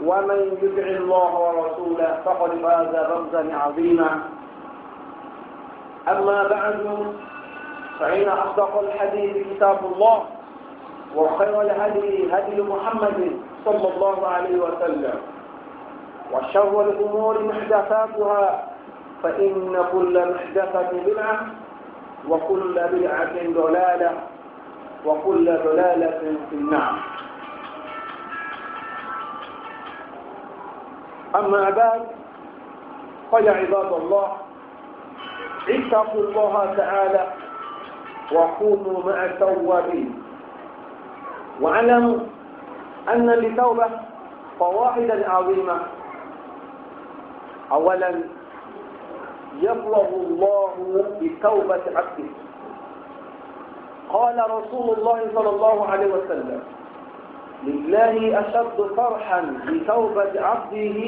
ومن يطع الله ورسوله فقد فاز فوزا عظيما أما بعد فإن أصدق الحديث كتاب الله وخير الهدي هدي محمد صلى الله عليه وسلم وشر الأمور محدثاتها فإن كل محدثة بدعة وكل بدعة ضلالة وكل ضلالة في النار أما بعد فيا عباد الله اتقوا الله تعالى وكونوا مع التوابين واعلموا أن للتوبة فواحدا عظيمة أولا يفرغ الله بتوبة عبده قال رسول الله صلى الله عليه وسلم لله أشد فرحا بتوبة عبده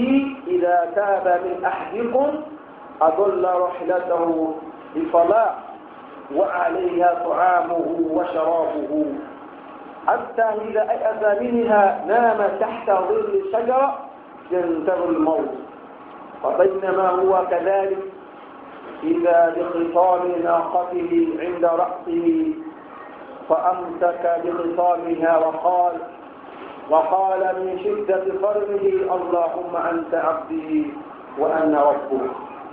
إذا تاب من أحدكم أضل رحلته بصلاة وعليها طعامه وشرابه حتى إذا أيأس منها نام تحت ظل شجرة ينتظر الموت وبينما هو كذلك إذا بخصام ناقته عند رأسه فأمسك بخصامها وقال وقال من شدة صرمه اللهم أنت عبدي وأنا ربك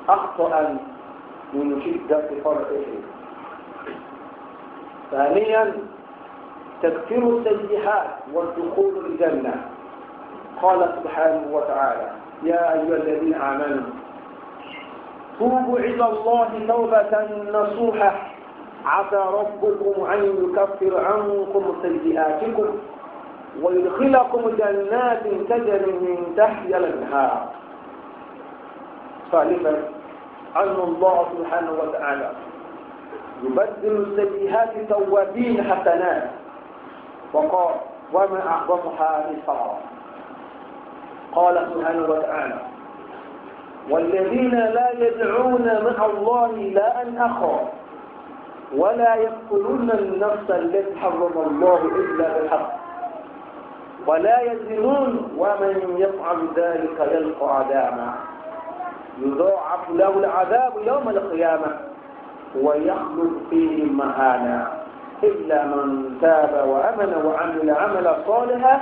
أخطأ من شدة فرحه ثانيا تكفير السيئات والدخول الجنة قال سبحانه وتعالى يا أيها الذين آمنوا توبوا إلى الله توبة نصوحة عسى ربكم أن يكفر عنكم سيئاتكم ويدخلكم جنات تجري من تحت الانهار ثالثا عنه الله سبحانه وتعالى يبدل السيئات توابين حسنات وقال وما أعظمها نصارا قال سبحانه وتعالى والذين لا يدعون مع الله لا أن أخر ولا يقتلون النفس التي حرم الله إلا بالحق ولا يزنون ومن يفعل ذلك يلقى عذابا يضاعف له العذاب يوم القيامة ويخلد فيه مهانا إلا من تاب وأمن وعمل عملا صالحا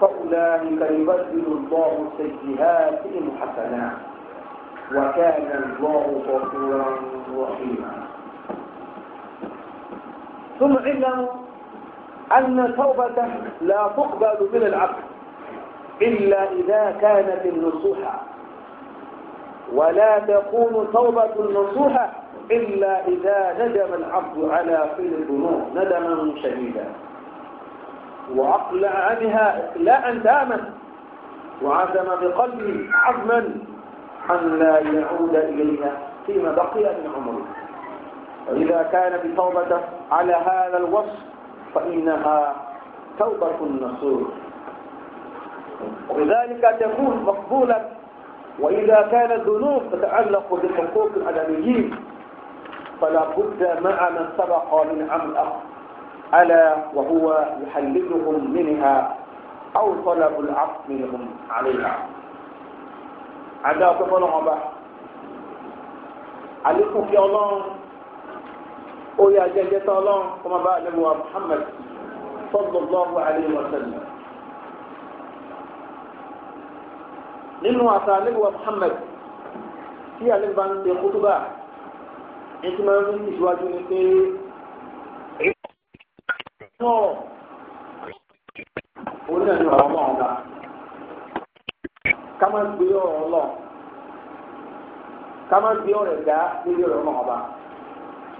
فأولئك يبدل الله سيئاتهم حسنا وكان الله غفورا رحيما ثم علموا أن توبة لا تقبل من العبد إلا إذا كانت النصوحة ولا تكون توبة النصوحة إلا إذا ندم العبد على كل الذنوب ندما شديدا وأقلع عنها إقلاعا تاما وعزم بقلبه عزما أن لا يعود إليها فيما بقي من عمره وإذا كان بتوبته على هذا الوصف فإنها توبة النصوص وبذلك تكون مقبولة وإذا كان الذنوب تتعلق بحقوق الأدميين فلا بد مع من سبق من عمل ألا وهو يحللهم منها أو طلب العفو منهم عليها عندما تفرغ بقى عليكم في الله orí ajẹ́jẹ́ tó ọlọ́run kó máa bá àlẹ́ wa Muhammad sallallahu alaihi wa sallam. nínú àṣà àlẹ́ wa Muhammad tí àlẹ́ bá ń ṣe kútúbà èyí tí máa ń rí ìṣíwájú ni pé náà òun ọ̀rọ̀ náà ọ̀gá ká máa gbé ọ̀rọ̀ náà ká máa gbé ọ̀rẹ̀ dá lórí ọ̀rọ̀ náà ọ̀gá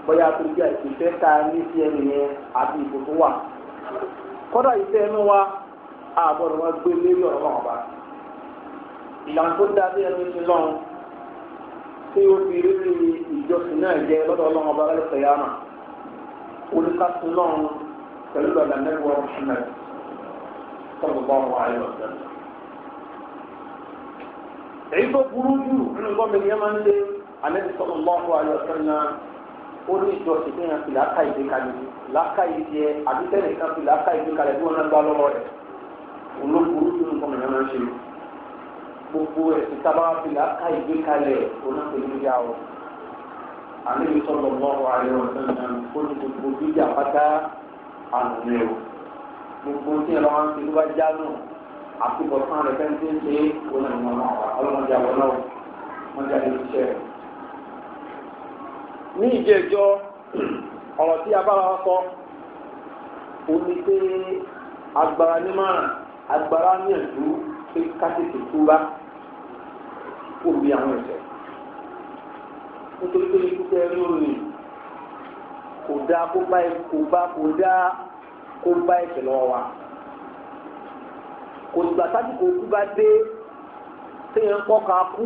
bóyá torí bí ìfẹ́ ta ní sí ẹni yẹn àti ìbò tó wà kọ́dà ìfẹ́ ẹnu wa àbọ̀dọ̀ wọn gbé lérí ọ̀rọ̀ náà bá ìlànà tó dá sí ẹni sí lọ́run tí ó fi rírí ìjọsìn náà jẹ lọ́dọ̀ ọlọ́run ọba lẹ́sẹ̀ yá mà olùkásí lọ́run pẹ̀lú ọ̀dà nẹ́wọ̀ ṣùgbọ́n tọ́lù bá wọn ayọ̀ ọ̀dọ́. èyí tó burú jù nínú gbọ́mìnira ó ní ìjọsìn fún yàn fi làákà ìdí kalẹ̀ ní làákà ìdí ẹ àbí tẹ́lẹ̀ kan fi làákà ìdí kalẹ̀ bí wọ́n náà gbá lọ́wọ́ rẹ̀ olókùrú tó ń kọ́ mìíràn máa ń ṣe gbogbo ẹ̀sìn sábà fi làákà ìdí kalẹ̀ onáfẹ́lẹ́yà o àmì ìsọ̀rọ̀ lọ́wọ́ ayé ọ̀sán náà ó ní gbogbo bíjà pátá àlùmí o gbogbo tí ẹ bá wọn ti ló bá já nù àti bọ̀tán rẹ̀ fẹ́ẹ́ ti ń ṣe é ó náà ń mọ̀ ọ́ ní ìjẹ́jọ́ ọ̀rọ̀ tí a bára wa sọ ó ní pé agbára nímọ̀ràn agbára níyànjú pé kásìkò túra kò bí àwọn ẹ̀ṣẹ̀ nítorí pé ikú tẹ́ rí orin kò dá kó bá kó bá kó dá kó bá ẹ̀ṣẹ̀ lọ́wọ́ wa kò dìgbà sásìkò kú bá dé téèyàn kọ́ ka kú.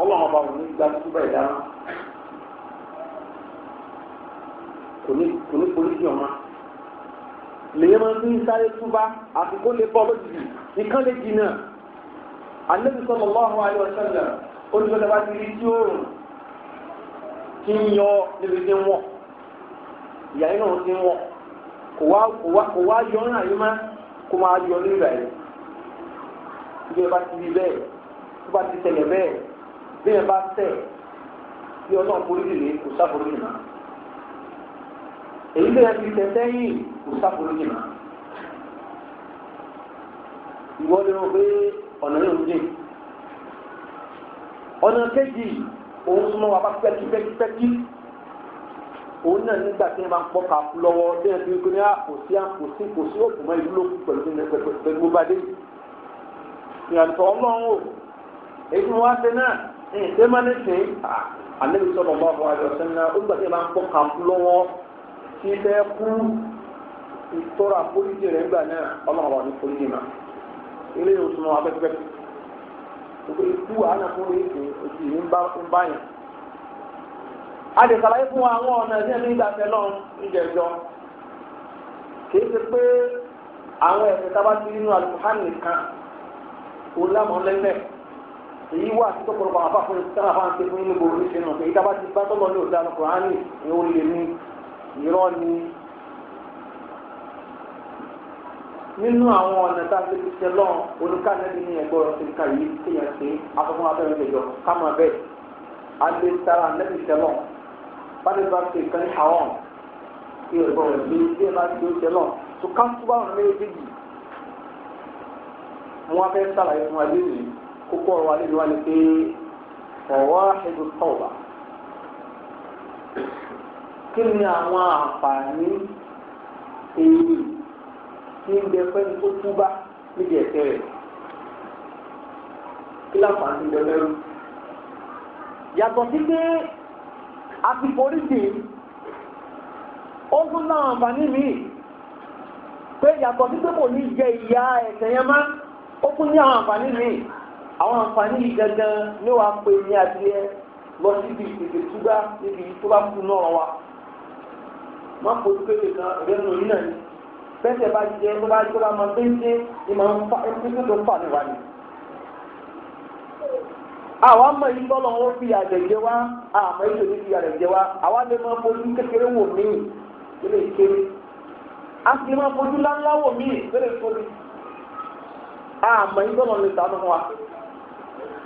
ọlọ́run ọba òní gba túbọ̀ ẹ̀dá wọn kò ní kò ní polisi ọ̀ma lèyìn máa ń bí sáré túbá àfikún lè bọ́ lójijì nìkan lè jìnnà alẹ́bí sọ̀rọ̀ lọ́hùn ayé ọ̀sẹ̀ náà olùsọ̀tà bá ti rí tí ó rùn tí ń yọ níbi tí ń wọ̀ ìyá yìí náà ti ń wọ̀ kò wá kò wá kò wá yọ ọ́nà yìí má kó máa yọ nígbà yìí ìjọba ti rí bẹ́ẹ̀ tó bá ti tẹ̀lẹ̀ bẹ́ẹ̀ bí ẹ bá tẹ̀ bí ọlọ́run foríjì ní kò sáforíjì náà èyí bẹ́ẹ̀ ti tẹ̀ sẹ́yìn kò sáforíjì náà ìwọ ni wọn pé ọ̀nà yóò dín ọ̀nà kejì òun súnmọ́ wa bá pẹ́kí pẹ́kí pẹ́kí òun náà nígbà tí wọ́n máa ń pọ́ ká lọ́wọ́ tí wọ́n ti rí pé kò sí kò sí òkú mọ́ ìlú lókù pẹ̀lú pẹ̀lú bó bá ìyàtọ̀ ọlọ́run o èyí ni wọ́n á ṣe náà ṣe máa ní sìn ó gbà tí a máa ń kọ́ ka lọ́wọ́ tí fẹ́ kú ìtọ́ra polisi rẹ̀ gbà náà ọlọ́run ní polisi náà ilé abẹ́fẹ́ ikú àánà fún mi ìsìn òsì ń bá a lè fún wa àwọn ọ̀nà ìgbàfẹ́ náà kì í ṣe pé àwọn tábà ti àlùkò hàn èyí wà tó kọ̀ọ̀kan àfa fún sára fún àti fún níbo oníṣẹ́ náà èyí tábà ti bá tọ́lọ́ ní òdàlù kùránì ni ó lè ní irọ́ ni. nínú àwọn ọ̀nà tá a ti fi ṣe lọ́n oníkànnẹ́bí ní ẹ̀gbọ́ ìka yìí kéèyàn ṣe afọ́fún afẹ́rẹ́ ìjọ kámọ̀ bẹ́ẹ̀ alẹ́ sára nẹ́bí ṣe lọ́n bàbá bá ṣe nǹkan ní àwọn kí ẹ̀gbọ́ rẹ̀ gbé bí ẹ bá ti ó ṣe lọ́n tó ká tó bá wọn méjèèjì wọn fẹ́ sàlàyé fún wa lónìí kókó ọ̀rọ̀ alẹ́ ni wọ́n ní pé ọ̀wá ẹ̀dù tọ̀wà kí ni àwọn àǹfààní èyí tí ń bẹ fẹ́ni tó túbá níbi ẹ̀ṣẹ̀ rẹ̀ kí láǹfààní ń bẹ lẹ́rú yàtọ̀ sí pé a ti ó tún náà àǹfààní míì pé yàtọ̀ sí pé kò ní jẹ ìyá ẹ̀ṣẹ̀ yẹn má ó tún ní àwọn àǹfààní míì àwọn àǹfààní yìí gangan ní wàá pè ní adìyẹ lọ síbi ìpèsè túbá níbi tó bá kú náà wa má fojú kéde kan ìrẹ́nu yìí náà ni bẹ́sẹ̀ bá jẹ tó bá tó bá máa bẹ́ẹ̀ ṣe ni máa ń fa ẹni tó ń fà ní wa ni. àwa mọ̀ yìí bọ́lọ̀ wọn fi àjẹjẹ wa àmọ́ èso ní fi àjẹjẹ wa àwa lè máa fojú kékeré wò mí lè kéré a sì máa fojú láńlá wò mí lè tóbi àmọ́ yìí bọ́lọ̀ lè sànú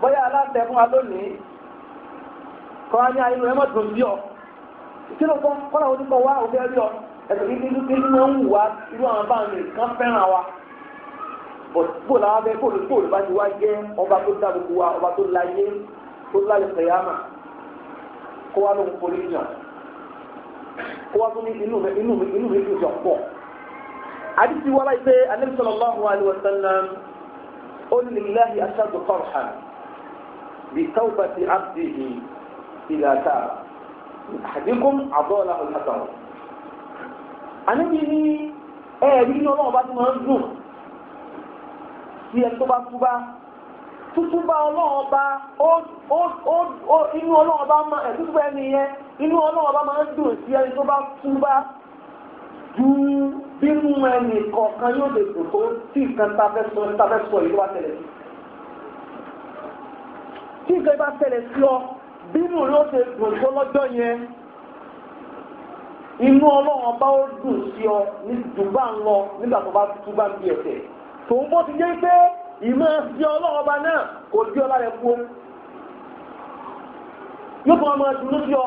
bóyá aláǹtẹ̀ fún wa lónìí kọ́ ní ayé rẹ̀ mọ̀tò sí ọ kí ló kọ́ kọ́lá ojú kọ wá òfin rí ọ ẹ̀sìn kí ní kí ní wọ́n ń wù wá irú àwọn bá mi kán fẹ́ràn wa bó làwọn abẹ bóòlù bóòlù bá ti wá jẹ́ ọba tó dá gbogbo wa ọba tó láyé tó láyé sẹ̀yàmà kó wá lóhun forí yàn kó wá tó ní inú mi inú mi inú mi dùn jọ pọ̀ àdìsí wọlé ìgbé alẹ́ sọ̀rọ̀ lọ́hùn àlùwẹ̀sán náà onílẹ̀láhi aṣáájú kọ́ńtàn bí tọ́ba ti àbdì yìí ìlàtà àdínkùn àbọ̀là ọ̀làtàn. àníbi ní ẹ̀ẹ́dì ní ọlọ́run bá ti máa ń dùn sí ẹ tó bá túbá tútúbá ọlọ́run ọba inú ọlọ́run ọba máa ẹ̀ tútúbá ẹni yẹn inú ọlọ́run ọba máa ń dùn sí ẹni tó bá túbá ju bí mú ẹnì kọ̀ọ̀kan yóò lè dùn tó tí nǹkan ta fẹ́ sọ ta fẹ́ sọ yìí wá tẹ̀lẹ̀ sí. tí nǹkan bá tẹ̀lẹ̀ sí ọ bí mú ló ṣe dùn tó lọ́jọ́ yẹn inú ọlọ́run bá ó dùn sí ọ ní dùbà ń lọ nígbà tó bá túbà ń bí ẹsẹ̀ tòun bó ti jẹ́ pé ìmọ̀ sí ọlọ́run ọba náà kò dí ọlá rẹ̀ kú yóò fún ọmọ ẹ̀dùn ló sí ọ.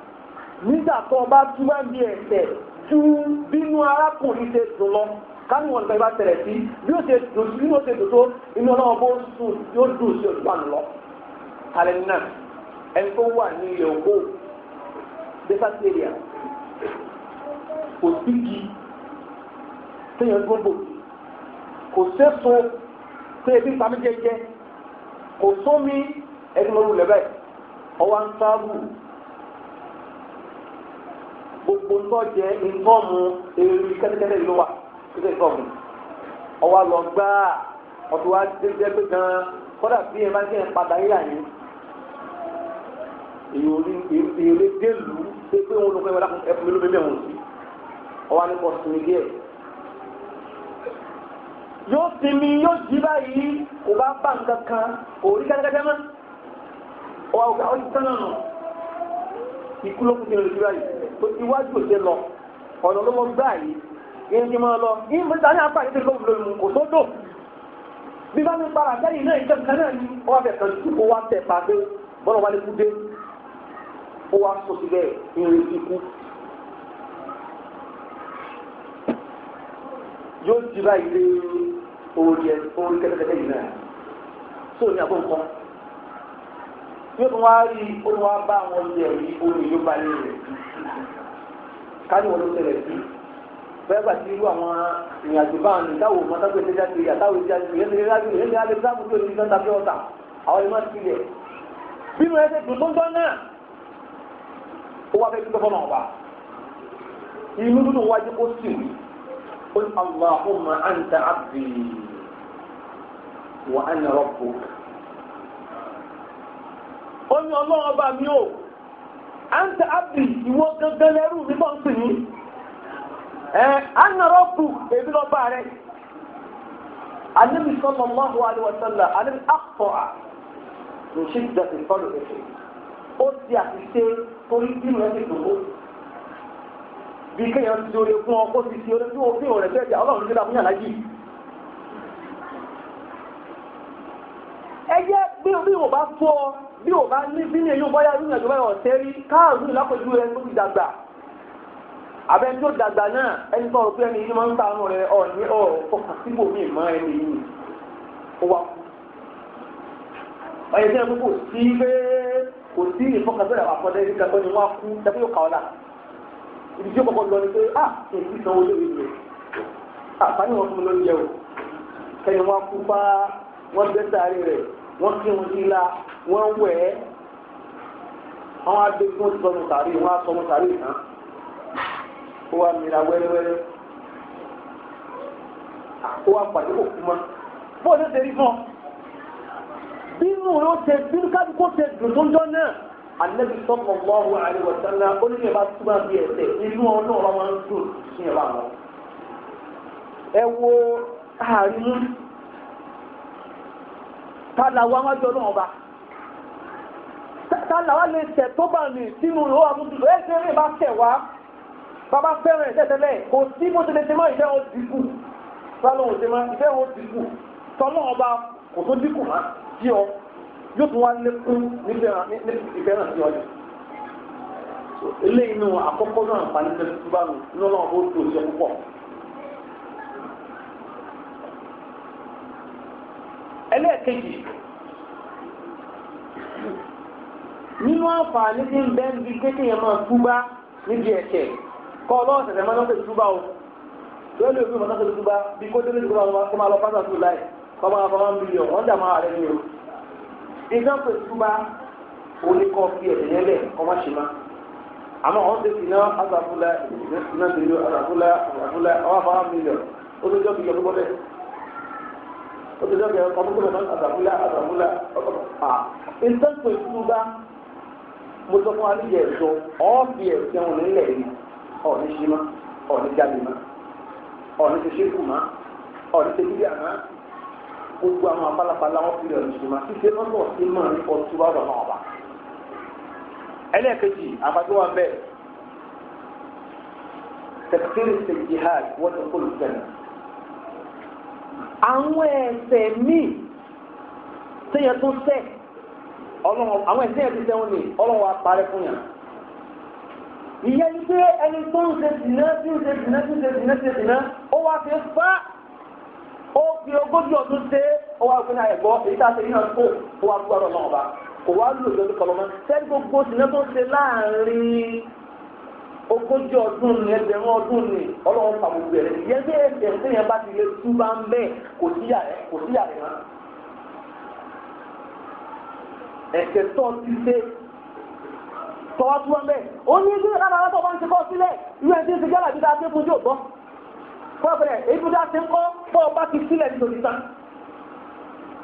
nígbà tó o bá túbá bí ẹ̀ṣẹ̀ tú bínú arákùnrin ṣe dùn lọ kánú wọn nípa ìbá tẹ̀lẹ̀ sí bí ó ṣe dùn sí bí ó ṣe dùn tó inú ọlọ́wọ́ bó sùn yóò dùn sí olùgbà lọ. alẹ́ náà ẹni tó wà ní ilẹ̀ òkú desert area kò sígi téèyàn gbogbo kò sẹ́so pé ebi pàmí jẹjẹ kò sómi ẹni lọ́rùn lẹ́bẹ̀ẹ́ ọwọ́ ń sáàbù gbogbo ntọ́jẹ ntọ́mu èrè kẹ́tẹ́kẹ́tẹ́ ìlú wa kíkẹ́ ìtọ́mu ọwọ́ lọ gbáà ọ̀tún wa dédé pé gan-an kọ́dà bí ẹ máa ń kẹ́ ẹ̀ padà yíyà yín èrè délù pé pé wọn ló fẹ́ wọn lákùn ẹ̀fún mi ló bẹ́ẹ̀ mẹ́wọ̀n sí ọwọ́ nípa ọ̀sìn díẹ̀ yóò sinmi yóò jí báyìí kò bá bá nǹkan kan kò rí kẹ́tẹ́kẹ́tẹ́ mọ́ ọwọ́ àwọn ọ̀sìn tán nù ikú ló kù sí ẹ̀rọ jí báyìí pé iwájú òde lọ ọ̀nà ló mọ gbá yìí yẹn ti máa lọ yìí mo ta ní apá àti tẹlifóònù lórí mu kò tó dò bí bá mi para sẹ́yìn náà ìjọba kan náà ni ó wá fẹ̀ kan tí ó wá tẹ̀ pa pé bọ́lá wálé kú dé ó wá sọ síbẹ̀ ìrìn ikú. yóò ti báyìí dé orí kẹ́tẹ́kẹ́tẹ́ yìí náà sóò ní àbọ̀ nǹkan yóò tún wá rí olùwà bá àwọn ilé ẹ̀rí omi yóò bá ilé rẹ̀ káyọ̀ wọn ló ṣẹlẹ̀ sí bẹ́ẹ̀ bá ti irú àwọn ìrìnàjò báwọn ní táwọn ọmọ táwọn ìṣẹ́jà ti yà táwọn ìṣẹ́jà ti yẹ ní rẹ́rẹ́ àgbẹ̀ ní alẹ́ sáàmù tó ní àwọn ìmọ̀ ti lẹ̀ bínú ẹ̀ tó ń náà ó wá fẹ́ kí náà wà inú dúdú wájú kó sì ó ní Allahumma anta abdi wa ana rabbuk ó ní ọlọ́run ọba mi ò àǹtà ábì ìwọ gangan lẹ́rù mi bọ́ ń sìn ní ẹ ànàrọ̀ kù èmi lọ́ba rẹ̀ anabi sallallahu alaihi wa sallam anabi akpọ̀à ló ṣe ìjọba ìfọ́lù ẹ̀fẹ̀ ó ti àṣìṣe torí bí mo ti dòwó bí kéèyàn ti oore fún ọ kó ti ti oore fún òfin òrẹ̀ bẹ́ẹ̀ tí ọlọ́run ti dàbí yàrá yìí. ẹ jẹ́ bí orí ò bá fún ọ bí ò bá ní bí ní èyí bọ́yá irú ìrìnàjò báyọ̀ ọ̀tẹ́ rí káàrú ìlápẹ̀jú rẹ tó ti dàgbà abẹ́ tó dàgbà náà ẹni tó rò pé ẹni yìí máa ń tànù rẹ ọ̀ ní ọ̀ ọkàn síbò mí mọ́ ẹni yìí ó wà kú. ọ̀yẹ́dẹ́ kò sí pé kò sí ìfọkànsọ́dà àkọ́dẹ́ ní kankan ni wọ́n á kú tẹ́kọ̀ yóò kà ibi tí ó kọ́kọ́ lọ ni pé à ah, èyí sanwó lórí rẹ̀ àfààní wọn fún mi lórí yẹ wọ́n kí wọn sí la wọ́n wẹ̀ ẹ́ àwọn agbègbè wọn ti sọmọ sàárè wọn á sọmọ sàárè tán ó wà mìíràn wẹ́rẹ́wẹ́rẹ́ ó wà pàdé òkú mọ́ bó ṣe tẹ̀lé fún ọ bínú ló tẹ bínú kájúkó tẹ dùn tó ń jọ náà anabi sọmọ mọ́wọ́ àríwọ̀sánná ó ní ìyẹn bá túmọ̀ bí ẹsẹ̀ inú ọlọ́run ọmọ ń dùn ní ìyẹn bá wọn. ẹ wo àárín tálà wá wájú ọlọ́run ọba tálà wá lè tẹ̀ tó bá lè sínú ìhó àmúdùdù ẹ̀ ṣe rìn bá tẹ̀ wá bàbá fẹ́ràn ẹ̀ tẹ́tẹ́lẹ̀ kò sí bó ṣe lè ṣe mọ́ ìfẹ́ wọn dínkù sálọ́hùn ṣe mọ́ ìfẹ́ wọn dínkù tọ́lọ́ ọba kò tó dínkù má sí ọ yóò tún wá lékún nífẹ̀ẹ́ náà sí ọjọ́ eléyìí nù àkọ́kọ́ náà pàdé tẹ́tẹ́ tó bá lù ní ọlọ́run ó tó ṣe púpọ̀ ẹlẹ́ẹ̀kejì nínú àǹfààní tí ń bẹ́ ń bí kéèké yẹn máa túbá níbi ẹ̀ṣẹ̀ kọ́ ọlọ́wọ́ máa lọ́sẹ̀ túbá o tó lè fi máa túbá bí kó délé túbá kó máa lọ pásá tó láì kó máa fọwọ́ ń bílíọ̀ wọ́n dà máa rẹ̀ ní o. ìjọ túbá o ní kọ́ fi yẹn lẹ̀ kọ́ má ṣe má. àmọ́ ti fi náà àtàkùlẹ̀ ó ti dọ́kẹ́ ọdún tó lọ náà àtàkùlà àtàkùlà à ìtẹ́kùn ìtúbá mo sọ fún alẹ́ yẹn sọ ọ́ọ̀bì ẹ̀sẹ̀ òun nílẹ̀ yìí ọ̀ọ́ni ṣe má ọ̀ọ́ni jáde má ọ̀ọ́ni ṣe ṣe kù má ọ̀ọ́ni ṣe bíbí àná gbogbo àwọn apalapala wọn fi ọ̀ọ́ni ṣe má ṣíṣe lọ́sọ̀ sí mọ̀ ní ọtúbá ọ̀rọ̀ náà wà. ẹlẹ́ẹ̀kejì àbájọ àwọn ẹ̀ṣẹ̀ míì téèyàn tó ṣẹ̀ ọlọ́run àwọn ẹ̀ṣẹ̀ yẹn ti ṣẹ̀ wọn ni ọlọ́run wa parẹ́ fún yàn ìyẹn ní pé ẹni tó ń ṣe dìná tí ń ṣe dìná tí ń ṣe dìná tí ń ṣe dìná ó wá fi fá ó fi ogójì ọdún ṣe ó wá fún àyẹ̀gbọ́ èyí tá a ṣe yíyan kó ó wá gbọ́dọ̀ náà bá kò wá lò lórí kọlọmọ sẹ́ni gbogbo dìná tó ń ṣe láàrin ogójì ọdún ni ẹgbẹ̀rún ọdún ni ọlọ́run pa gbogbo rẹ̀ yẹn bí ẹsẹ̀ sẹ́yìn bá ti lè tú bá ń bẹ́ẹ̀ kò síyà rẹ̀ kò síyà rẹ̀ náà. ẹ̀sẹ̀ tó ti ṣe tọwọ́ tí wọ́n bẹ́ẹ̀ ó ní ilé ìlànà àwọn tọ́wọ́ ń ti kọ́ sílẹ̀ ìwé ẹni tí ń ti gẹ́lá bí dáa ṣe fún ojú ògbọ́ fọ́ọ̀fẹ́ èyí tó dáa ṣe ń kọ́ fọ́ọ̀ bá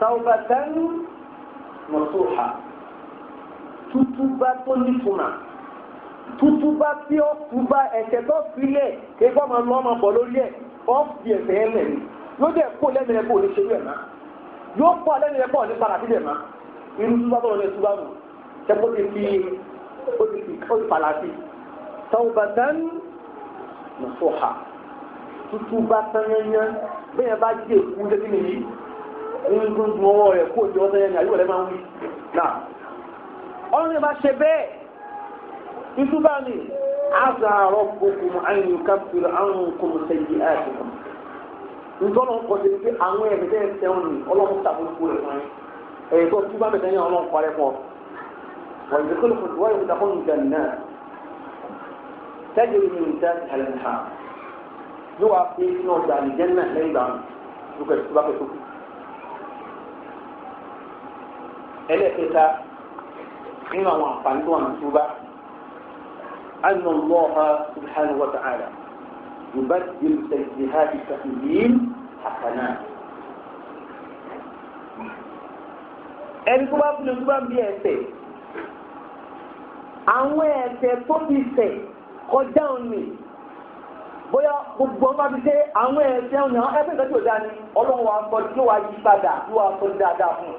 tawbatan nasuha tútúbá tó nífuna tútúbá tí ó túbá ẹ̀ṣẹ̀ tó filẹ̀ kéfọ́ máa lọ́ máa bọ̀ lórí ẹ̀ ọ́ fi ẹ̀ṣẹ̀ ẹ̀ lẹ̀ yóò dẹ̀ kó lẹ́nu rẹ̀ kó o ní ṣerú ẹ̀ má yóò pọ̀ lẹ́nu rẹ̀ pọ̀ ní padà sílẹ̀ má irú túbá tó lọ́nà túbá mù ṣẹ́kó ti fi ó ti fi ó ti padà sí tawbatan nasuha tútúbá tányányá bẹ́ẹ̀ bá jẹ́ èkú lẹ́sìn nìyí ń dún ju ọwọ́ rẹ̀ kó jọ ọ́sẹ́ yẹn ní àyíwọ̀ rẹ̀ máa ń wí. náà ọ̀run yẹn bá ṣe bẹ́ẹ̀ ìtúbà ni àzàrọ̀ gbogbo àyìn kápẹ́lú àrùn kòmù sẹ́yìn àti kòmù. ntọ́nà ń kọjú pé àwọn ẹ̀mí tẹ́ ẹ̀ sẹ́wọ̀n ni ọlọ́run tàbókù rẹ̀ fún ẹ̀ tó túbà mẹ́tẹ́ yẹn ọlọ́run parẹ́ fún ọ. wọ́n yìí kọ́lù fún wáyé kúta fún ìjà náà tẹ́jú mi ní ìjà ìhàlẹ̀ nìha yóò wá pé ní ọjà àlìjẹ́ náà lẹ́yìn ìgbà wọn lókè tó bá fẹ́ tó ẹlẹ́kẹta nínú àwọn àǹfààní tó wà ní túbá أن الله سبحانه وتعالى يبدل سيئات الكافرين حسنات ẹni tó bá fúnni tó bá ń bí ẹsẹ̀ àwọn ẹsẹ̀ tó ti ṣẹ̀ kọjá òní bóyá gbogbo ọba fi ṣe àwọn ẹsẹ̀ òní àwọn ẹgbẹ́ ìgbà tó dání ọlọ́run wa sọ tí ó wá yí padà tí ó wá dáadáa fún un.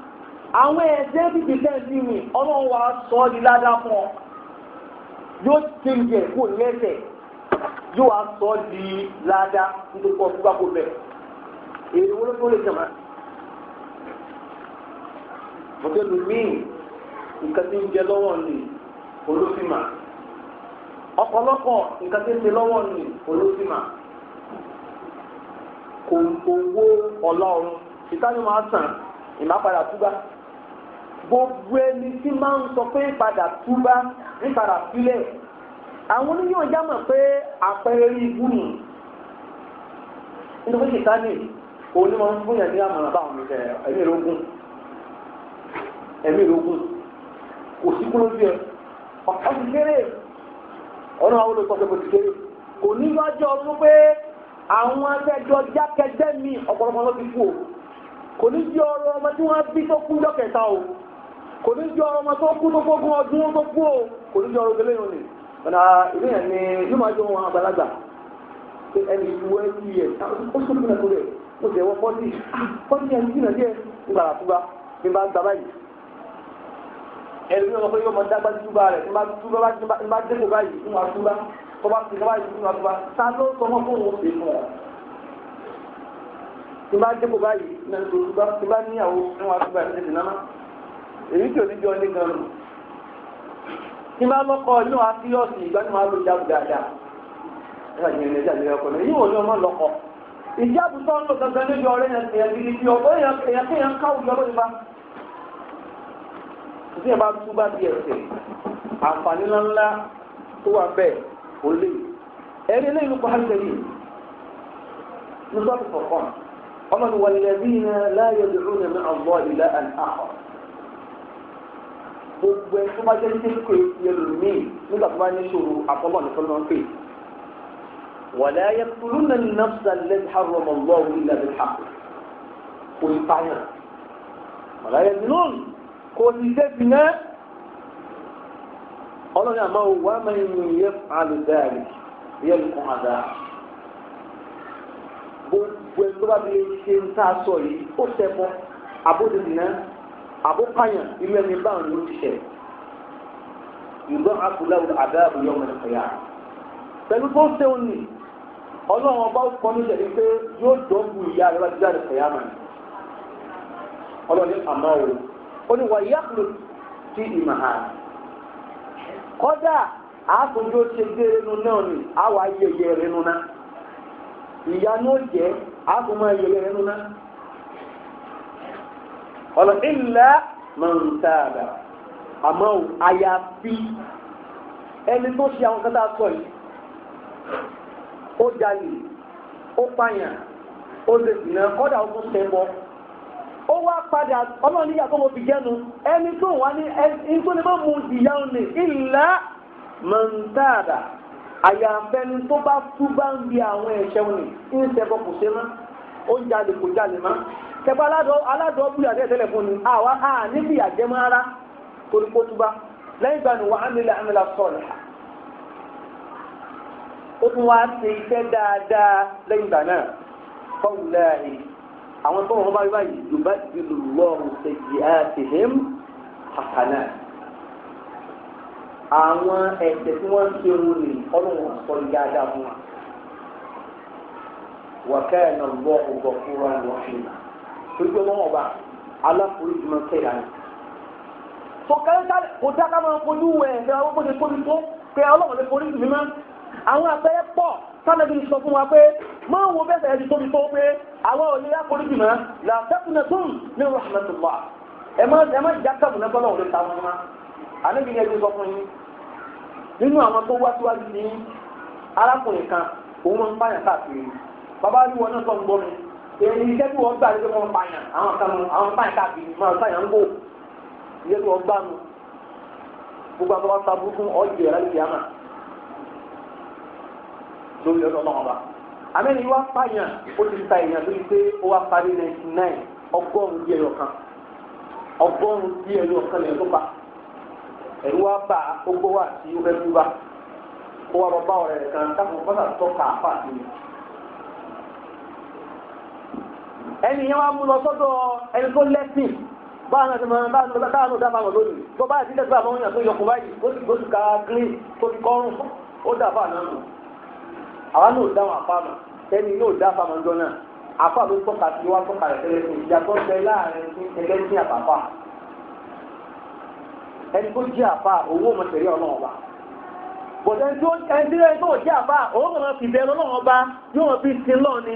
àwọn ẹ̀jẹ̀ bíbí sẹ́ǹtì mi ọlọ́run wa sọ ọ́ di ládá fún ọ yóò ti jẹ kó lẹ́sẹ̀ yóò wá sọ ọ́ di ládá nítorí pọ̀ fún gbàgbọ́ èrè wọlé tó lè jẹ̀mọ́. lu mí nǹkan tí ń jẹ lọ́wọ́ ni gbogbo ẹni tí máa ń sọ pé padà túbá ní padà sílẹ̀ àwọn oníyàn já mọ̀ pé àpẹẹrẹ ni wọ́n fún yàn ní àmọ̀ràn báwọn ẹ̀mí ìrógún ẹ̀mí ìrógún kò sí ọrụ bí ẹ ọ̀pọ̀ ti kéré ọ̀nà àwọn olùkọ́ kò ti kéré kò ní lọ́jọ́ ọdún pé àwọn akẹ́jọ jákẹ́jẹ́ mi ọ̀pọ̀lọpọ̀ ló ti kú o kò ní ọrọ̀ ọmọ kò ní jọ ọmọ tó kú tó gbógun ọdún tó kú o kò ní jọ ọrọ̀gẹ́lẹ́ yìí ni ọ̀nà ìlú ni yóò máa jọ wọn àgbàlagbà pé ẹni ìwọ ẹbí yẹ ó sọ fún ẹkọ rẹ ó sì ẹwọ pọ́ńtì pọ́ńtì ẹni jìnnà díẹ̀ nígbàrà túbá ní bá ń gbà báyìí ẹni yóò lọ pé yóò mọ dágbà túbá rẹ ní bá túbá ní bá dé báyìí ní wàá túbá tó bá ti kábàáyì ní wàá túbá ta ló sọ mọ fún òun èèmọ ní bá dé báyìí ní wàá túbá ní wàá túbá ní èyí tí oníjọ ní gan nù tí bá lọ́kọ inú àfíọ́sì ìgbàanú máa lo ìjábù dáadáa nígbà tí ìrìn ìjà ìrìn ọkọ náà yíwọ ní ọmọ lọ́kọ ìjábù tó ń lò gangan lójú ọ̀rẹ́ yẹn ti ẹbí ní ọkọ èèyàn kéèyàn ká òjò lórí bá tí ẹ bá tú bá di ẹsẹ̀ àǹfààní ńláńlá tó wà bẹ́ẹ̀ kò lè ẹrí eléyìí ló pa á sẹ́yìn nígbà tó kọ̀ọ̀kan ọlọ́ni wàlẹ́bí náà láyé lórí ẹ̀mí àwọn ìlà àná gbogbo ẹni tó bá jẹ́ títí pé ẹlòmíì nígbà tó bá ní ṣòro àtọ́lọ̀ nìkan ló ń pè. wala yaqtuluna an-nafsa allati harrama Allahu illa bil-haqq kò ní pààyàn. wala yazunun kò ní débi náà. ọlọ́run àmọ́ wa man yaf'alu dhalika yalqa adhaban. gbogbo ẹni tó bá fi ṣe ń tá sọ yìí ó tẹ̀ bọ́ àbójútì náà. àbúpáyàn ime ẹni báwọn ni ó ti ṣẹ̀ ìgbọ́n akùláwù àdáàbò yọ ọmọ ìfẹ̀yà pẹ̀lú tó ṣe ó nì ọlọ́run ọba ó kọ́ ní ìṣẹ̀lẹ̀ pé yóò dọ́gbù ìyá rẹ̀ wájú jáde ìfẹ̀yà mà ní ọlọ́run àmọ́ o ó ní wàá yàgò sí nuna ọlọ ilà mọ̀ntàdà àmọ́ àyàfi ẹni tó ṣe àwọn kan tá a sọ yìí ó jalè ó pààyàn ó lè dìnnà kọ́dà ó tún tẹ̀ bọ́ ó wá padà ọlọ́run níyà tó mo fi jẹ́nu ẹni tó wà ní ẹni tó lè má mu ìyá òní ilà mọ̀ntàdà àyàfẹ́ni tó bá tú bá ń bi àwọn ẹ̀ṣẹ̀ wọn ní ń tẹ̀ bọ́ kò ṣe mọ́ ó ń jalè kò jalè mọ́ tẹ́gbà aládùn ọ̀bùrù àti ẹ̀tẹ́lẹ̀ fún ni àwa a níbi àjẹmọ́ ara koríko túbá lẹ́yìn ìgbà ni wọ́n á nílẹ̀ àmìlà sọ̀rọ̀ ó tún wá ṣe iṣẹ́ dáadáa lẹ́yìn ìgbà náà fọ́ọ̀mù lẹ́yìn àwọn tó wọn bá rí báyìí yorùbá ti lù lọ́ọ̀rù ṣèjì àtìhìm àkànà àwọn ẹ̀ṣẹ̀ tí wọ́n ń ṣe òun ni ọlọ́run sọ dáadáa fún wa. wàkàyà nà lọ ọgbọ fúra lọfìn torí pé wọn ọba aláforí jùmọ kẹyà ni. sọkẹ́lẹ́tà kò dá ká máa fojú wẹ̀ mi wa pé máa wo bẹ́ẹ̀ sẹ́yìn tóbi tó pé àwọn ò ní láforí jùmọ̀ làtẹ́kùnà tó ní rahmatullah. na ta bàbá ní wọn náà sọ ń gbọ́ mi èyí iṣẹ́ tí wọ́n gbà ní pé wọ́n pààyàn àwọn kan àwọn pààyàn káàkiri máa sáyàn ń bò iṣẹ́ tí wọ́n gbà nù gbogbo àgbà wọn sábú fún ọ̀jẹ̀ ẹ̀rọ ìyá mà lórí ọ̀dọ̀ náà wà. amẹ́ni wá pààyàn ó ti ta èèyàn lórí pé ó wá parí ninety nine ọgọ́rùn-ún díẹ̀ yọ̀ kan ọgọ́rùn-ún díẹ̀ yọ̀ kan lẹ́yìn tó bá ẹ̀rú wa bá ó gbówó àti ó fẹ́ kú bá ó wá lọ bá ọ̀rẹ́ rẹ̀ kan táwọn bọ́sà tó kà á fà ẹni yẹn wá mú lọ sọ́dọ̀ ẹni tó lẹ́sìn báwọn ọ̀dọ́ máa báwọn ọ̀dọ́ táwọn ọ̀dọ́ máa lónìí tó bá ti dẹ́gbẹ́ àwọn èèyàn tó yọkùn báyìí ó sì gbóṣù ká gírí tó fi kọ́rùn ó dà fáà náà nù àwa náà dáhùn àfàmà ẹni yóò dá àfàmà ńjọ náà àfà ló tọ́ka sí wá tọ́ka rẹ̀ tẹ́lẹ̀ fún ìyàtọ̀ bẹ láàrin ẹgbẹ́ sí àbàfà ẹni tó jẹ́ àfà owó mọ̀tẹ̀rẹ́ ọlọ́run wa bọ̀dẹ̀ ẹni tó jẹ́ àfà owó mọ̀tẹ̀rẹ́ ọlọ́run wa yóò fi sin lọ́ọ̀ ni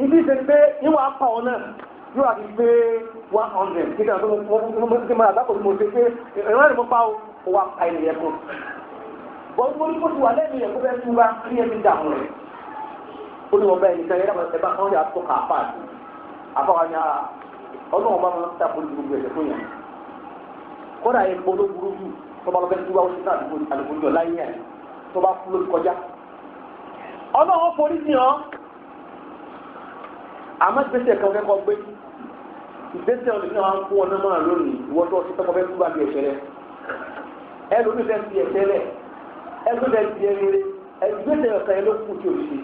ibi ṣe pé níwọ̀n apá ọ̀ náà yóò àti pé one hundred kí náà tó mo ti máa dákòó mo ṣe pé ìrìnà rẹ̀ mo pa ó wà pa ènìyàn kan bọ́n mo ní kó ti wà lẹ́nu yẹn kó fẹ́ tún bá kí ẹni dààmú rẹ̀ ó ní wọn bá ẹnìkan yẹn lábàá ẹ̀bá kan yà tó kà á pa àti àbáwá ni ọlọ́wọ́n bá máa ń ta polisi gbogbo ẹ̀jẹ̀ fún yẹn kódà yẹn kó ló burú jù tó bá lọ fẹ́ tún bá ó ti sáà àdúgbò àdúgbò jọ láyé yẹn tó bá fún lórí kọjá ọlọ́wọ́n polisi yẹn àmọ́ ìgbésẹ̀ kan fẹ́ kọ́ gbé ìgbésẹ̀ ọ̀nà ìgbésẹ̀ wọn fún ọ̀nà máa lónìí ìwọ́n tó ọtí tọkọ fẹ́ kú bá bí ẹ̀ṣẹ̀ rẹ ẹ lómi fẹ́ fi ẹ̀ṣẹ̀ rẹ ẹ ló fẹ́ fi ẹni rẹ ìgbésẹ̀ ọ̀sẹ̀ yẹn ló kù tí o ṣe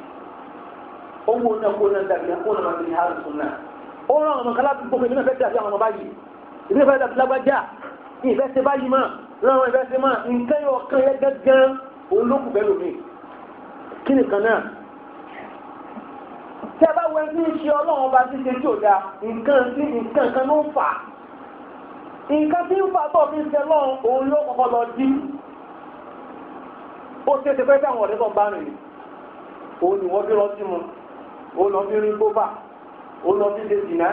owó náà kó náà dàbí kó náà máa fi hàn sùn náà ó rán àwọn ọmọkálá gbogbo ìbí náà fẹ́ dàbí àwọn ọmọ báyìí ìbí náà fẹ́ dàbí lágbájá ìfẹ́ ṣe báyìí mọ́ rán àwọn ìfẹ́ tẹ bá wẹ ní iṣẹ́ ọlọ́run ọba ṣíṣe tí ò da nǹkan sí nǹkan kan ló ń fà nǹkan tí ń fà tó fi ń ṣe lọ́run òun ló kọ́kọ́ lọ dí ó ṣe ti pẹ́ táwọn ọ̀rẹ́ tó ń bá rìn òun ni wọ́n fi lọ sí mu òun lọ fi rí bóbà òun lọ fi ṣe sìnà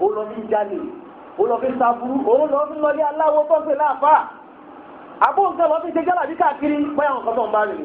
òun lọ fi jalè òun lọ fi ṣàbùrú òun lọ fi lọlé aláwọ̀ tó ń pè láàfà àbó lọ fi ṣe jálàbí káàkiri pé àwọn kan tó ń bá rìn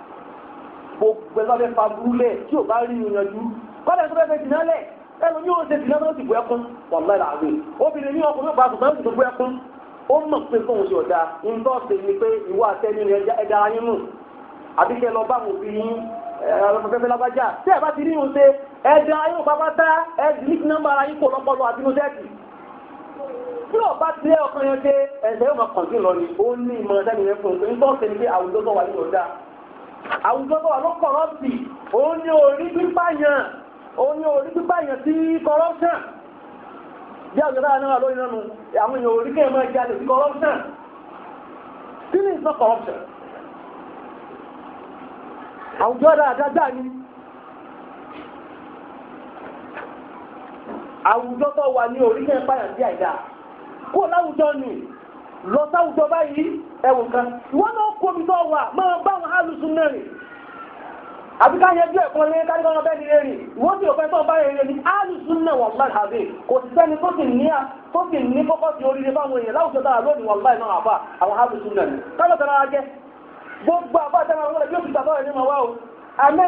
gbogbo ẹlọ́fẹ́ fa burú lẹ̀ tí ò bá rí ìyanjú kọ́lẹ̀ tó fẹ́fẹ́ jìnnà lẹ̀ ẹnu ní òun ṣe jìnnà tó ti bu ẹkún wàlá ìlàwé obìnrin ní ọkùnrin pa àtùmọ̀ tó bu ẹkún ó mọ̀ pé kóun ṣe ọ̀dà nǹkan ọ̀sẹ̀ ni pé ìwọ àtẹnu rẹ ẹja ayín nù àbí kẹ lọ bá wọn fi yín ọlọpàá lágbájá tí ẹ bá ti rí ìhun ṣe ẹja yín kò lọpọlọ tí o bá tilẹ̀ ọkàn yẹn ṣe ẹ̀ṣẹ̀ yóò máa kàn sí lọ ni ó ní ìmọ̀ràn sẹ́ni yẹn fún un pé ń tọ́ ṣe ni pé àwùjọ tó wà nínú ọ̀dà àwùjọ tó wà kọ̀rọ́pì ni orí pípàyàn corruption bí àwùjọ báyà náà lórí nánu àwọn èèyàn orí kẹ́ máa sí corruption kí ni ìsọ corruption àwùjọ dáadáa ni àwùjọ tó wà ní orí kẹ́ lọ sáwùjọ báyìí ẹ̀wù kan ìwọ́n náà kó omi tó máa bá wọn alùsùn náà rìn àbí ká yẹjú ẹ̀kan lé ká nígbà wọn bẹ́ẹ̀ nílé rìn ìwọ́n tí òfẹ́ tó ní alùsùn náà wà láì ha kò sí sẹ́ni tó sì ní tó sì ní sí oríire fáwọn èèyàn láwùjọ lónìí náà àwọn náà gbogbo àbá yóò fi tàbá ní o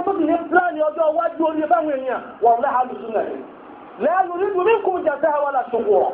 tó sì ní pílánì iwájú oríire fáwọn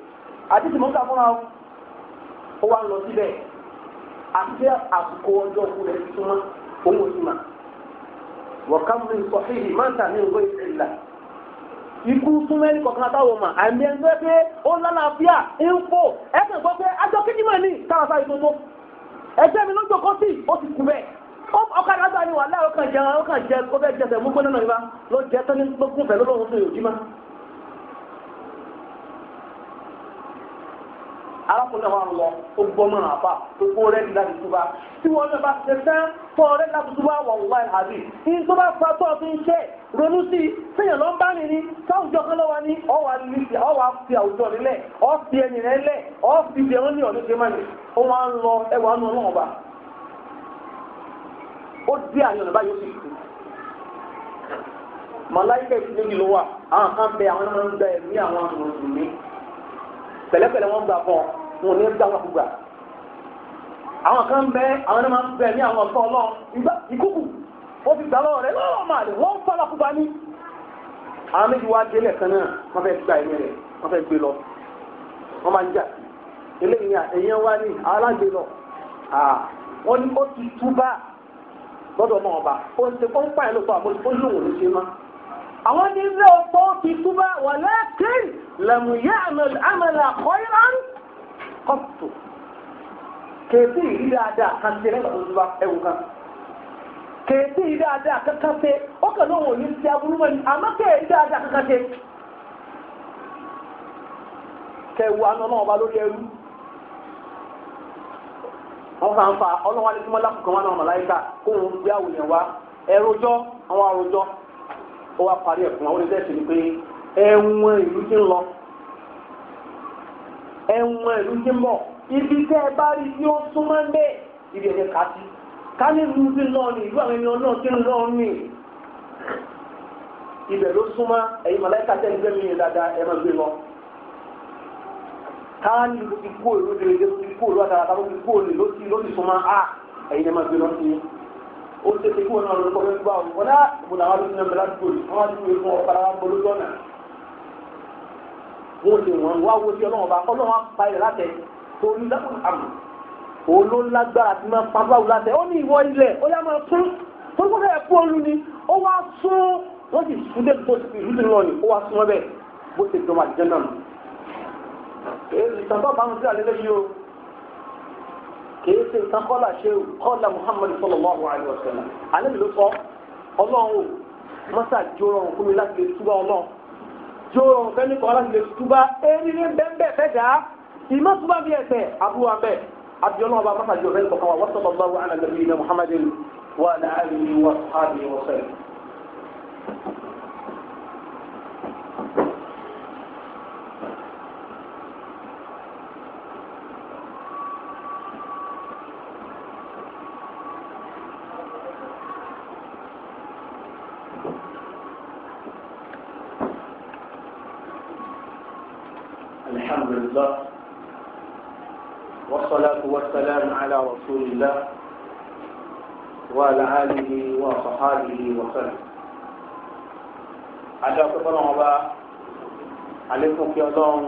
àti tí mo fúnra ó wá lọ síbẹ̀ àti àsìkò ọjọ́ òkú rẹ̀ súnmọ́ òun ò mà wọ̀ká mi sọ fíìlì máa ń tà ní ìwé ìlà ikú súnmọ́ ẹni kọ̀ọ̀kan àtàwọn ọmọ àmì ẹni tó pé ó lálàáfíà ń fò ẹsẹ̀ gbọ́ pé kíkí ní táwọn sáré tó mi ló jókòó sí ó sì kú bẹ́ẹ̀ ọkàdá gbà ní wàhálà ọkàn jẹ ọkàn jẹ kó bẹ́ẹ̀ jẹsẹ̀ mú gbóná náà yìí Ala náà wà lọ ó gbọ́ mọ́ àpá tó kó rẹ́dí láti túbá tí wọ́n náà bá ṣe tán tó rẹ́dí láti túbá wà wọ́n wáyé àbí ní tó bá fa tó ọ̀tún iṣẹ́ ronú sí i sẹ́yìn ló ń bá nìyí sáwùjọ ni ọ̀wà fi àwùjọ nílẹ̀ ọ̀ fi ẹ̀yìn lọ ẹwà nù ọlọ́run ọba ó dé àyàn lọ́ba yóò pẹ̀lẹ́pẹ̀lẹ́ wọn gbà fún ọ wọn ò ní gbà wọn gbà àwọn kan bẹ àwọn náà máa ń bẹ ní àwọn ọ̀tọ̀ ọlọ́run ìkúkù ó fi gbà lọ́wọ́ rẹ lọ́wọ́ máa lè wọ́n fọlá kúba ní. àwọn méjì wá dé lẹ́ẹ̀kan náà wọ́n fẹ́ gba ẹ̀mí rẹ̀ wọ́n fẹ́ gbé lọ wọ́n máa ń jà eléyìí ẹ̀yẹn wá ní alágbè lọ wọ́n ní ó ti túbà lọ́dọ̀ ọmọ ọba ó ń ṣe ó lóko àmọ́ ó ò ní ṣe máa àwọn ní ilé ọgbọ́n ti túbá wà lẹ́kìn lẹ́mú yá àmàlà khayran qattu kèétí yìí dáadáa kan ṣe lẹ́gbàá tó túbá kan kèétí yìí dáadáa kankan ó kàn náà wò ní ti aburú mọ́ni àmọ́ kèétí dáadáa kankan ṣe kẹwàá àná náà ọba lórí ẹrú wọn kàn fa ọlọ́wọ́n alẹ́ tí wọ́n lákùnkàn wọn náà màláyíká kó wọn gbé àwòyàn wa ẹrú jọ àwọn àròjọ ó wá parí ẹ̀fún àwọn oníṣẹ́sì ni pé ẹ̀wọ̀n ìlú ti ń lọ ẹ̀wọ̀n ìlú ti ń bọ̀ ibi tẹ́ ẹ bá rí tí ó súnmọ́ ń bẹ́ẹ̀ ibi ẹ̀jẹ̀ ká sí ká ní ìlú ti lọ ní ìlú àwọn ènìyàn náà ti ń lọ ní ibẹ̀ ló súnmọ́ ẹ̀yin màláìka tẹ́ ń gbé mi dáadáa ẹ máa gbé lọ ká ní ìlú ti kú ìlú ti kú ìlú àtàràtà ló ti kú ìlú ló ti súnmọ́ à ẹ̀yin ẹ máa gbé lọ sí i ó ṣe ti kí wọn náà lóko fẹ́ gbà wọn náà ah, mo làwọn ló ń yan bẹ̀rẹ̀ àdúgbò yìí wọn á dúró fún ọ fara wọn bolo tọ́nà wọn ò lè wọn wá wo sí o bá ọlọ́wọ́n apá ilẹ̀ látẹ̀ torí lẹ́kùn àmì olólágbára ti máa pàdé àwùlá tẹ ó ní ìwọ ilẹ̀ ó yá máa tún tó gbọ́dọ̀ ẹ̀ fún olú ni ó wá sún wọ́n sì sún dé tó ti ìlú náà ni ó wá sún ọ bẹ́ẹ̀ bó ṣe jọmọ àjẹjẹ náà. èyí ìtàn tó bá wọn sí àlejò yìí o kìí ṣe nǹkan kọ́lá ṣe kọ́lá muhammadu sallallahu alayhi wa sallam alẹ́ mi ló sọ ọlọ́run o mọ́sá jó rọrùn fún mi láti lè túbá ọlọ́run jó rọrùn fẹ́ nìkan láti lè túbá eré ní bẹ́ẹ̀ fẹ́ dá ìmọ̀ túbá bí ẹsẹ̀ abúwa bẹ́ẹ̀ abiyọ́ náà bá mọ́sá jó rẹ̀ kọ̀ọ̀kan wa sallallahu ala nabiyina muhammadin wa ala alihi wa sahbihi wa sallam. الحمد لله والصلاة والسلام على رسول الله وعلى آله وصحابه وسلم àjọ pípọ́ náà ọba àlékún kí ọlọ́run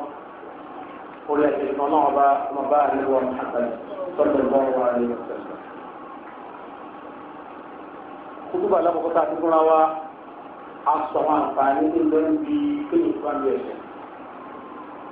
orí ẹ̀sìn ìfọ́n náà ọba ọmọba àlewọ àtàlẹ̀ sọ́dọ̀ ìbọn wa ní ọ̀sẹ̀. kútùbà lọ́kọ̀ọ́kọ́ tá fúnra wa a sọ àǹfààní nílẹ̀ ń bi kéyìn fún àmì ẹ̀sìn.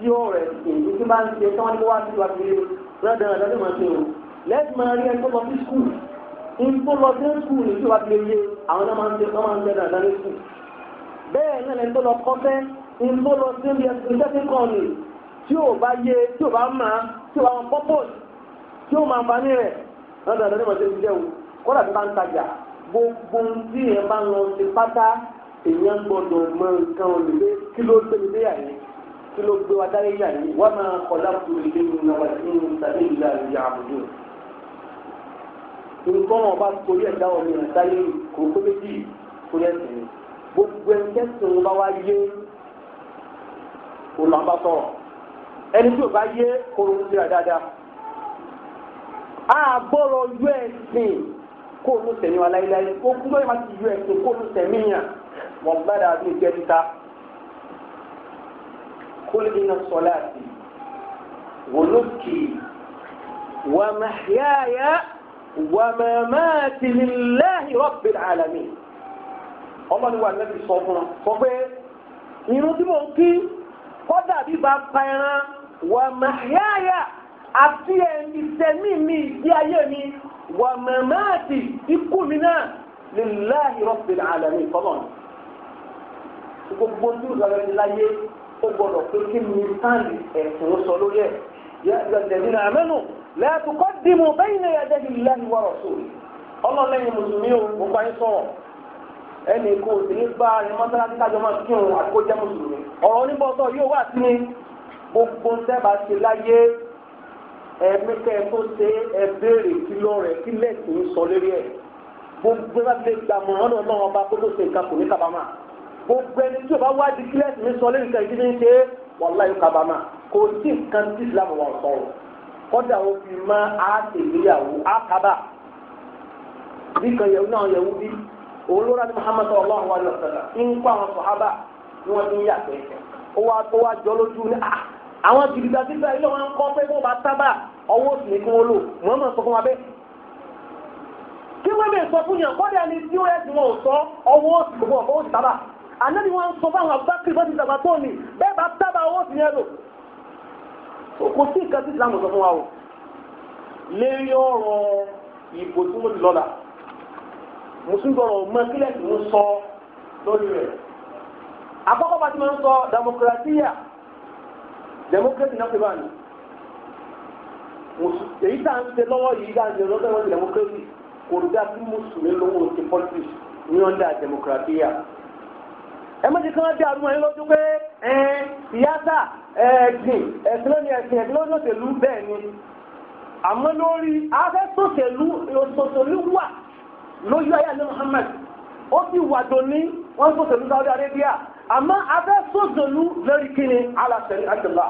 tí ó rẹ̀ èyí tí máa ń ṣe tí wọ́n ní wá sí wa kiri lọ́dọ̀ ẹ̀rọ o lẹ́tì máa rí ẹni tó lọ sí skul ní tó lọ sí skul ní tí wàá fi lè àwọn náà máa ń ṣe wọ́n máa ń ṣe dandan ní skul bẹ́ẹ̀ náà lẹ́ni tó lọ kọ́fẹ́ ní tó lọ sí ibi ẹ̀sìn sẹ́kọ̀ọ̀nì tí ò bá yé tí ò bá máa tí ò bá wọn pọ́pọ̀ tí ò máa fani rẹ̀ lọ́dọ̀ ẹ̀rọ ní màá ṣe ti jẹ́ o kọ́dà tó bá ń tajà gbogbo tí èèyàn bá ń lọ sí pátá èèyàn gbọ́dọ̀ mọ nǹkan olùgbé kí kí ló gbé wa dáyé yà ní wọ́n máa kọjá tó ilé mi náà wọ́n ti ń sáré ìlú àlùyà àbùdó. nǹkan ọba torí ẹ̀dá omi rẹ̀ sáyé kò tó méjì tó lẹ́sìn ní. gbogbo ẹni tẹ́sán bá wá yé òun náà bá sọ̀rọ̀ ẹni tí ò bá yé kóró ń síra dáadáa. àgbọ̀rọ̀ yú ẹ̀sìn kó o ló tẹ̀mí wa láéláé ó kúrò yẹn má ti yú ẹ̀sìn kó o ló tẹ̀mí yàn wọ́n gbádàá bí ìjẹ́ títa. كل من الصلاة ونسكي ومحياي ومماتي لله رب العالمين ọlọ́ni wa nẹ́bí sọ fún wa sọ pé irun tí mò ń kí kọ́dà bí bá pa ẹran wà màáyáyà àti ìsẹ̀mí mi ìdí ayé mi wà màmáàtì ikú mi náà lillahi rabbil alamin fọlọ́ni. gbogbo ní ìlú ọ̀rẹ́ mi láyé ó gbọdọ̀ pé kí ni sáàlì ẹ̀sìn ó sọ lórí ẹ̀ yá ìgbàlódé náà àmẹ́nu lẹ́ẹ̀tù kọ́ dìmọ̀ bẹ́yìn náà yàjẹ́ ìlànà ìwà ọ̀ṣọ́ ọlọ́lẹ́yìn mùsùlùmí ò ń bá yín sọ̀rọ̀ ẹnì kò sí ní bá ẹni mọ́sálásí tájọ máa kí òun àkójẹ́ mùsùlùmí ọ̀rọ̀ oníbọ̀tọ̀ yóò wà sí ni gbogbo sẹ́bà ṣe láyé ẹ̀mí kẹ́ tó ṣe ẹ béèrè kí lọ rẹ̀ kí lẹ́sìn sọ lórí ẹ̀ gbogbo bá ti náà ọba kó ṣe nǹkan kò ní kábàámà gbogbo ẹni tí o bá wá di kílẹ̀sì mi sọ lórí nǹkan ìdí mi ń ṣe wàláyé kábàámà kò sí nǹkan tí islam wà sọ̀rọ̀ kọ́dà ó fi má a tèléyàwó a kábà bí kan náà yẹ̀wò bí òun ló rántí muhammad sallallahu alayhi wa sallam ń kó àwọn sọ̀hábà ni wọ́n ti ń yàgbẹ́ ó wá tó wá jọ lójú ní à ah, àwọn gidigba tí báyìí lọ́wọ́ ń kọ́ pé kó bá sábà ọwọ́ sì ní kí wọ́n lò muhammad sọ fún wa bẹ́ẹ̀ kí wọ́n bẹ̀ sọ fún yàn kọ́dà ni tí ó yẹ ti wọn sọ ọwọ́ sì gbogbo ọ̀fọ́ ó sì sábà ànábì wọn sọ fáwọn abúbákiri bá ti dàgbà tó ni bẹ́ẹ̀ bá tábà owó sì yẹn lò kò sí nǹkan tí islam sọ fún wa o lérí ọ̀rọ̀ ìbò tí wọ́n ti lọ́la mùsùlùmí ọ̀rọ̀ mọ́kílẹ̀ tí wọ́n sọ lórí rẹ̀ àkọ́kọ́ bá ti máa ń sọ democratia democracy náà ti bá ní èyí tá à ń ṣe lọ́wọ́ yìí dáa ṣe lọ́wọ́ democracy kò dá sí mùsùlùmí lówó ti politics ní ọ̀dà democratia ẹmọ́jì kan dé àdúmọ̀ yín lójú pé ìyáṣà ẹ̀gbìn ẹ̀sìn lónìí ẹ̀sìn ẹ̀gbìn lónìí òṣèlú bẹ́ẹ̀ ni àmọ́ lórí afẹ́ sòṣèlú òṣòṣèlú wà lójú ayé àlẹ́ Muhammad ó ti wà dòní wọ́n sòṣèlú Saudi Arabia àmọ́ afẹ́ sòṣèlú lórí kíni aláṣẹ́lú àjọlá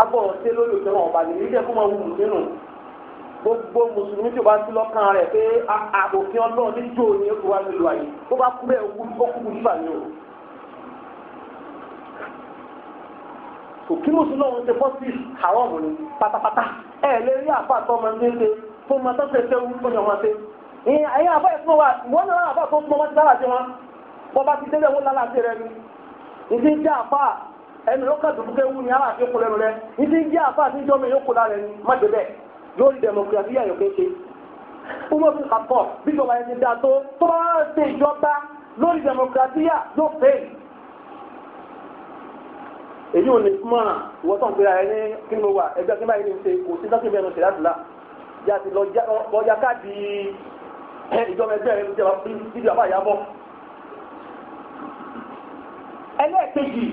agbọ̀rọ̀ sí lórí òṣèlú ọ̀bàlẹ̀ níjẹ́ fún ọmọ wù nínú gbogbo mùsùlùmí tí o bá ń lọ́kàn rẹ̀ pé òfin ọlọ́run ní jò ní oṣù wa nílùú ayé bó bá kú bẹ́ẹ̀ ó kú o. òkí mùsùlùmí ń ṣe fọ́sí àwọn ọ̀mùnì pátápátá ẹ̀ lè rí àbá tó ọmọ ní ṣe fún ọmọ tó ṣe ṣe wú fún ọmọ ṣe. ìyẹn àyè wa náà tó fún ọmọ ti wọn wọ́n bá ti délé rẹ ni. ìdí jẹ́ ẹnu lórí democracy àyàn kéṣe umar fi kàpọ̀ bíjọba ẹni dáa tó tó bá ṣe ìjọba lórí democracy yóò fẹ́ èyí ò ní súnmọ́ wọ́n tó ń pera ẹni kí ni mo wà ẹgbẹ́ kí n báyìí ní ṣe kò sí dọ́kítà ìbẹ̀rù ṣẹlá ṣùlá yà sí lọ ya káàdì eh, ìjọba ẹgbẹ́ rẹ lójú àwọn bíbí àbá ìyá bọ́. ẹlẹ́ẹ̀kejì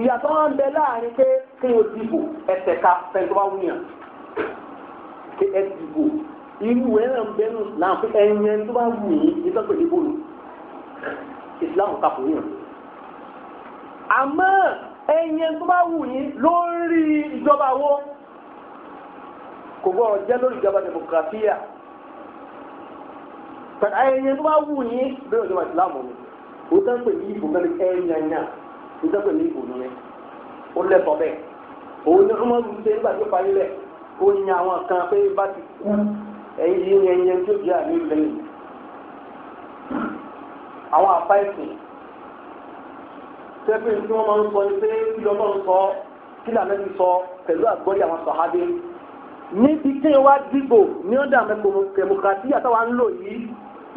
ìyàtọ̀ ń bẹ láàrin pé kí n ò dìbò ẹsẹ̀ ka fẹ́ntọ́ bá wúyàn pé ẹ ti dìbò irú ẹ náà ń bẹnu láàpẹ ẹyìn ẹni tó bá wù yín ní sọ́pẹ̀ ìdìbò nù Islam kàpọ̀ yàn àmọ́ ẹyìn ẹni tó bá wù yín lórí ìjọba wo kò gbọ́dọ̀ jẹ́ lórí ìjọba democracia pẹ̀lú ẹyìn ẹni tó bá wù yín lórí ìjọba Islam ni o tẹ́ pẹ̀ ní ìbò mẹ́rin ẹ̀yànyà o tẹ́ pẹ̀ ní ìbò nìyẹn o lẹ́tọ̀ bẹ́ẹ̀ òun ni ọmọ mi nígbà tó parí bẹ́ẹ̀ ó yin àwọn kan pé bá ti kú ẹ̀yìn yìí ni ẹ̀yìn tó jẹ́ àmì lẹ́yìn àwọn àpá ẹ̀sìn tẹ́pẹ́ tí wọ́n máa ń sọ ni pé kí lọ́mọ́ ń sọ kí làmẹ́sì sọ pẹ̀lú àgbọ́dí àwọn sọ̀hádé níbi tí wọ́n wá dìbò ní ọ̀dà democracy àtàwọn ń lò yìí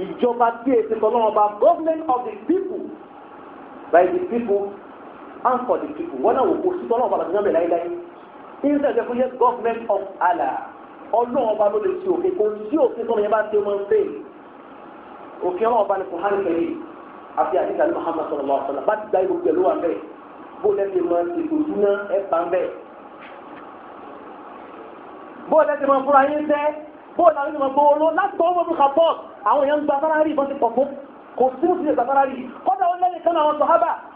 ìjọba tí èsì tọ́lọ́wọ́n bá government of the people by the people and for the people wọ́n náà wò kó sí tọ́lọ́wọ́n bá lọ́dún náà bẹ̀ láyé láyé ìṣẹ̀lẹ̀ fún yẹn government of Allah ọlọ́run ọba ló lè ṣe òfin kò sí òfin tó yẹn bá ṣe ọmọ ṣe òfin ọlọ́run ọba ní kùhán kẹrì àti àdìgbà ní Muhammad sallallahu alaihi wasallam bá ti gba ìlú pẹ̀lú wa bẹ́ẹ̀ bó lẹ́sẹ̀ máa ṣe tòjú náà ẹ̀ bá ń bẹ́ẹ̀ bó lẹ́sẹ̀ máa fúnra yín tẹ́ bó lẹ́sẹ̀ máa gbọ́ olóò láti tọ́ ọmọ bùkà bọ́ọ̀ àwọn èèyàn gba sára rí ìbọn ti pọ̀ fún kò sí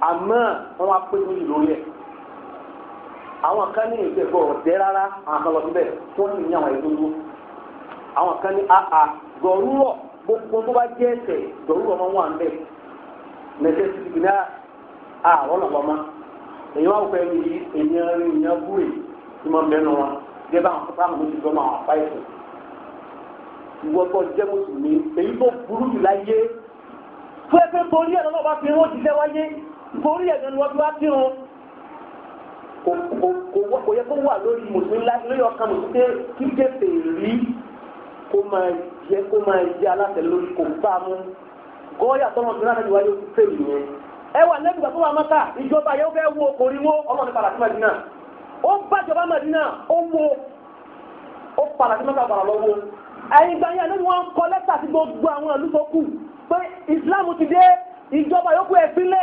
àmọ́ wọ́n wá pé méjì lórí ẹ̀ àwọn kan ní ìgbẹ́gbọ́ ọ̀dẹ́ rárá àwọn kan lọ síbẹ̀ tí wọ́n sì ní àwọn ètò ìlú àwọn kan ní àà gọ̀rúrọ̀ gbogbo tó bá jẹ́ ẹ̀sẹ̀ gọ̀rúrọ̀ máa ń wà ń bẹ̀ mẹ̀tẹ́ ti fi náà àwọn ọ̀nà pamọ́ èyí wá fẹ́ mi èyàn rí èyàn bú èyí tí mo mẹ́nu wọn gẹ́gẹ́ bá àwọn fáwọn mi ti gbọ́ máa fa ẹ̀sìn ìwọ tó jẹ́ mùsùlùmí èyí tó burú jù láyé fún ẹgbẹ́ borí ẹ̀ lọ́wọ́ torí ẹ̀gbọ́n ni wọ́n fi wá kírun kò yẹ kó wà lórí mùsùlùmí lórí ọkàn mùsùlùmí kí kéfè rí kó máa jẹ kó máa jẹ aláṣẹ lórí kò bá mú gọ́ọ̀yà tọ́mọ tó náà níwájú fèrè yẹn ẹ wà lẹ́gbẹ̀ẹ́ tó wà mọ́ta ìjọba fẹ́ wo wo ọmọ mi ó ó wo ó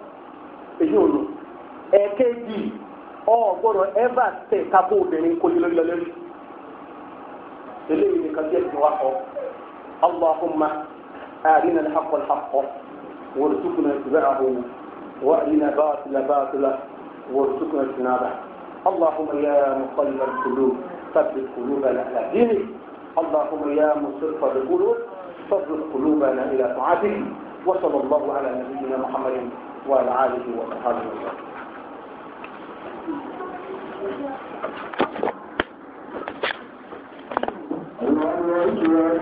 èyí ò lò ẹ̀ẹ́kejì ọ gbọ́dọ̀ ẹ̀fà tẹ̀ kápó obìnrin kò lórí lọ́lẹ́rì eléyìí nìkan bí ẹ̀sìn wa kọ́ allahumma arina alhaqqa alhaqqa warzuqna ittibaa'ahu wa arina baatila baatila warzuqna ijtinaabah allahumma ya muqallibal qulub ثبت قلوبنا على دينك اللهم يا مصرف القلوب ثبت قلوبنا الى طاعتك وصلى الله على نبينا محمد 我的爱就是我的，他的就是我的。